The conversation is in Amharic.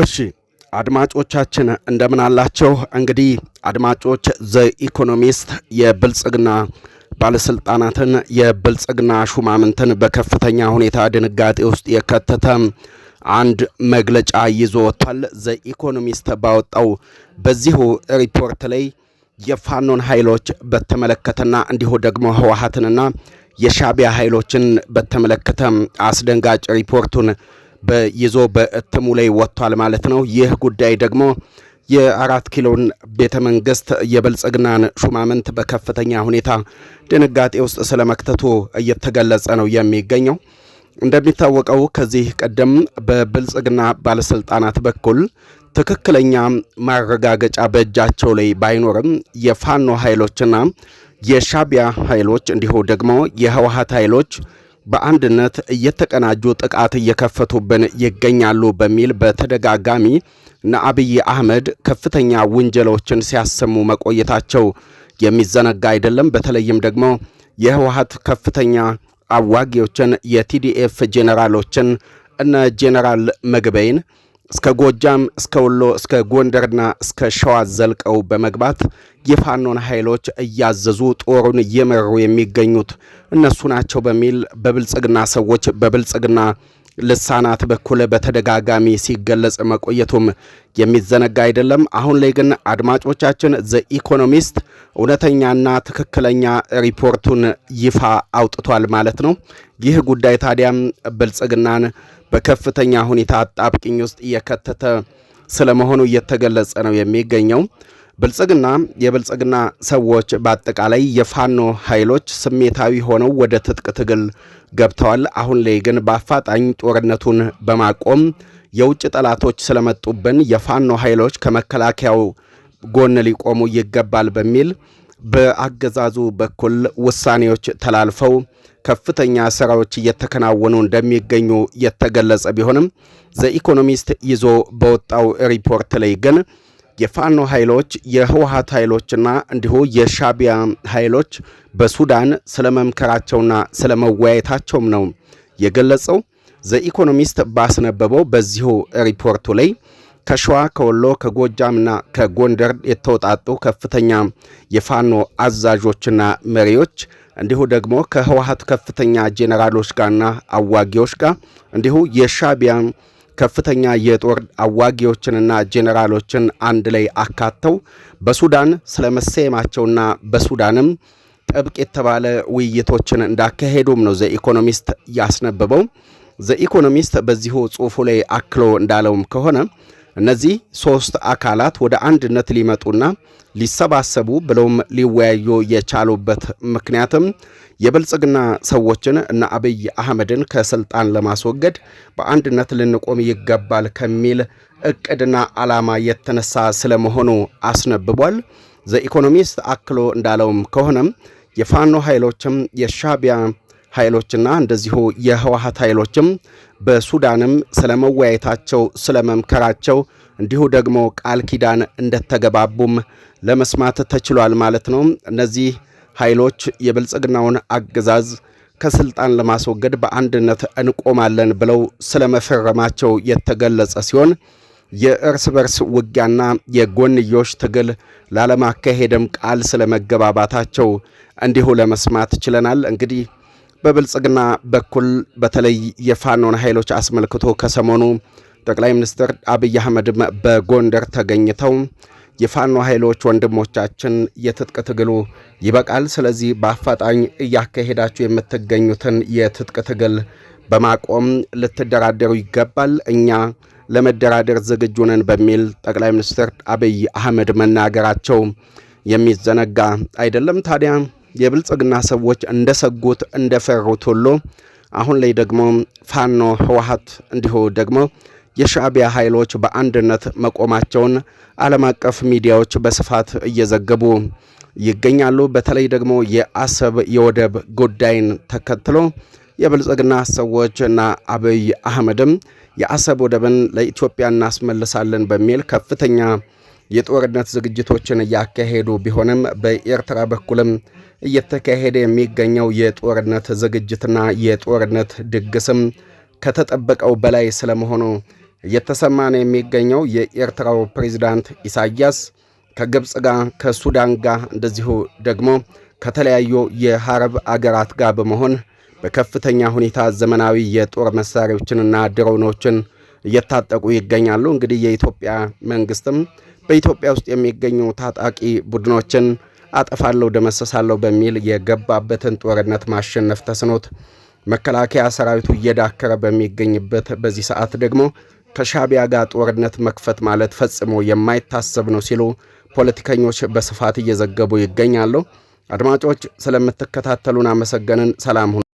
እሺ አድማጮቻችን እንደምን አላቸው? እንግዲህ አድማጮች ዘ ኢኮኖሚስት የብልጽግና ባለስልጣናትን የብልጽግና ሹማምንትን በከፍተኛ ሁኔታ ድንጋጤ ውስጥ የከተተ አንድ መግለጫ ይዞ ወጥቷል። ኢኮኖሚስት ባወጣው በዚሁ ሪፖርት ላይ የፋኖን ኃይሎች በተመለከተና እንዲሁ ደግሞ ህወሀትንና የሻቢያ ኃይሎችን በተመለከተ አስደንጋጭ ሪፖርቱን ይዞ በእትሙ ላይ ወጥቷል ማለት ነው። ይህ ጉዳይ ደግሞ የአራት ኪሎን ቤተ መንግስት የብልጽግናን ሹማምንት በከፍተኛ ሁኔታ ድንጋጤ ውስጥ ስለ መክተቱ እየተገለጸ ነው የሚገኘው። እንደሚታወቀው ከዚህ ቀደም በብልጽግና ባለስልጣናት በኩል ትክክለኛ ማረጋገጫ በእጃቸው ላይ ባይኖርም የፋኖ ኃይሎችና የሻቢያ ኃይሎች እንዲሁ ደግሞ የህወሀት ኃይሎች በአንድነት እየተቀናጁ ጥቃት እየከፈቱብን ይገኛሉ በሚል በተደጋጋሚ እነ አብይ አህመድ ከፍተኛ ውንጀሎችን ሲያሰሙ መቆየታቸው የሚዘነጋ አይደለም። በተለይም ደግሞ የህወሀት ከፍተኛ አዋጊዎችን የቲዲኤፍ ጄኔራሎችን እነ ጄኔራል ምግበይን እስከ ጎጃም፣ እስከ ወሎ፣ እስከ ጎንደርና እስከ ሸዋ ዘልቀው በመግባት የፋኖን ኃይሎች እያዘዙ ጦሩን እየመሩ የሚገኙት እነሱ ናቸው በሚል በብልጽግና ሰዎች በብልጽግና ልሳናት በኩል በተደጋጋሚ ሲገለጽ መቆየቱም የሚዘነጋ አይደለም። አሁን ላይ ግን አድማጮቻችን ዘኢኮኖሚስት እውነተኛና ትክክለኛ ሪፖርቱን ይፋ አውጥቷል ማለት ነው። ይህ ጉዳይ ታዲያም ብልጽግናን በከፍተኛ ሁኔታ አጣብቂኝ ውስጥ እየከተተ ስለመሆኑ እየተገለጸ ነው የሚገኘው። ብልጽግና የብልጽግና ሰዎች በአጠቃላይ የፋኖ ኃይሎች ስሜታዊ ሆነው ወደ ትጥቅ ትግል ገብተዋል። አሁን ላይ ግን በአፋጣኝ ጦርነቱን በማቆም የውጭ ጠላቶች ስለመጡብን የፋኖ ኃይሎች ከመከላከያው ጎን ሊቆሙ ይገባል በሚል በአገዛዙ በኩል ውሳኔዎች ተላልፈው ከፍተኛ ስራዎች እየተከናወኑ እንደሚገኙ የተገለጸ ቢሆንም ዘኢኮኖሚስት ይዞ በወጣው ሪፖርት ላይ ግን የፋኖ ኃይሎች የህወሀት ኃይሎችና እንዲሁ የሻቢያ ኃይሎች በሱዳን ስለመምከራቸውና ስለመወያየታቸውም ነው የገለጸው። ዘኢኮኖሚስት ባስነበበው በዚሁ ሪፖርቱ ላይ ከሸዋ ከወሎ ከጎጃምና ከጎንደር የተውጣጡ ከፍተኛ የፋኖ አዛዦችና መሪዎች እንዲሁ ደግሞ ከህወሀት ከፍተኛ ጄኔራሎች ጋርና አዋጊዎች ጋር እንዲሁ የሻቢያ ከፍተኛ የጦር አዋጊዎችንና ጄኔራሎችን አንድ ላይ አካተው በሱዳን ስለመሰየማቸውና በሱዳንም ጥብቅ የተባለ ውይይቶችን እንዳካሄዱም ነው ዘኢኮኖሚስት ያስነበበው። ዘኢኮኖሚስት በዚሁ ጽሑፉ ላይ አክሎ እንዳለውም ከሆነ እነዚህ ሶስት አካላት ወደ አንድነት ሊመጡና ሊሰባሰቡ ብለውም ሊወያዩ የቻሉበት ምክንያትም የብልጽግና ሰዎችን እና አብይ አህመድን ከስልጣን ለማስወገድ በአንድነት ልንቆም ይገባል ከሚል እቅድና ዓላማ የተነሳ ስለመሆኑ አስነብቧል። ዘኢኮኖሚስት አክሎ እንዳለውም ከሆነም የፋኖ ኃይሎችም የሻቢያ ኃይሎችና እንደዚሁ የህወሀት ኃይሎችም በሱዳንም ስለመወያየታቸው ስለመምከራቸው እንዲሁ ደግሞ ቃል ኪዳን እንደተገባቡም ለመስማት ተችሏል ማለት ነው። እነዚህ ኃይሎች የብልጽግናውን አገዛዝ ከስልጣን ለማስወገድ በአንድነት እንቆማለን ብለው ስለመፈረማቸው የተገለጸ ሲሆን የእርስ በርስ ውጊያና የጎንዮሽ ትግል ላለማካሄድም ቃል ስለመገባባታቸው እንዲሁ ለመስማት ችለናል። እንግዲህ በብልጽግና በኩል በተለይ የፋኖን ኃይሎች አስመልክቶ ከሰሞኑ ጠቅላይ ሚኒስትር አብይ አህመድ በጎንደር ተገኝተው የፋኖ ኃይሎች ወንድሞቻችን የትጥቅ ትግሉ ይበቃል፣ ስለዚህ በአፋጣኝ እያካሄዳችሁ የምትገኙትን የትጥቅ ትግል በማቆም ልትደራደሩ ይገባል፣ እኛ ለመደራደር ዝግጁ ነን በሚል ጠቅላይ ሚኒስትር አብይ አህመድ መናገራቸው የሚዘነጋ አይደለም ታዲያ የብልጽግና ሰዎች እንደሰጉት እንደፈሩት ሁሉ አሁን ላይ ደግሞ ፋኖ ህወሀት እንዲሁ ደግሞ የሻዕቢያ ኃይሎች በአንድነት መቆማቸውን ዓለም አቀፍ ሚዲያዎች በስፋት እየዘገቡ ይገኛሉ። በተለይ ደግሞ የአሰብ የወደብ ጉዳይን ተከትሎ የብልጽግና ሰዎች እና አብይ አህመድም የአሰብ ወደብን ለኢትዮጵያ እናስመልሳለን በሚል ከፍተኛ የጦርነት ዝግጅቶችን እያካሄዱ ቢሆንም በኤርትራ በኩልም እየተካሄደ የሚገኘው የጦርነት ዝግጅትና የጦርነት ድግስም ከተጠበቀው በላይ ስለመሆኑ እየተሰማ ነው የሚገኘው። የኤርትራው ፕሬዚዳንት ኢሳያስ ከግብፅ ጋር ከሱዳን ጋር እንደዚሁ ደግሞ ከተለያዩ የሐረብ አገራት ጋር በመሆን በከፍተኛ ሁኔታ ዘመናዊ የጦር መሳሪያዎችንና ድሮኖችን እየታጠቁ ይገኛሉ። እንግዲህ የኢትዮጵያ መንግስትም በኢትዮጵያ ውስጥ የሚገኙ ታጣቂ ቡድኖችን አጠፋለሁ፣ ደመሰሳለሁ በሚል የገባበትን ጦርነት ማሸነፍ ተስኖት መከላከያ ሰራዊቱ እየዳከረ በሚገኝበት በዚህ ሰዓት ደግሞ ከሻቢያ ጋር ጦርነት መክፈት ማለት ፈጽሞ የማይታሰብ ነው ሲሉ ፖለቲከኞች በስፋት እየዘገቡ ይገኛሉ። አድማጮች ስለምትከታተሉን አመሰገንን። ሰላም ሁኑ።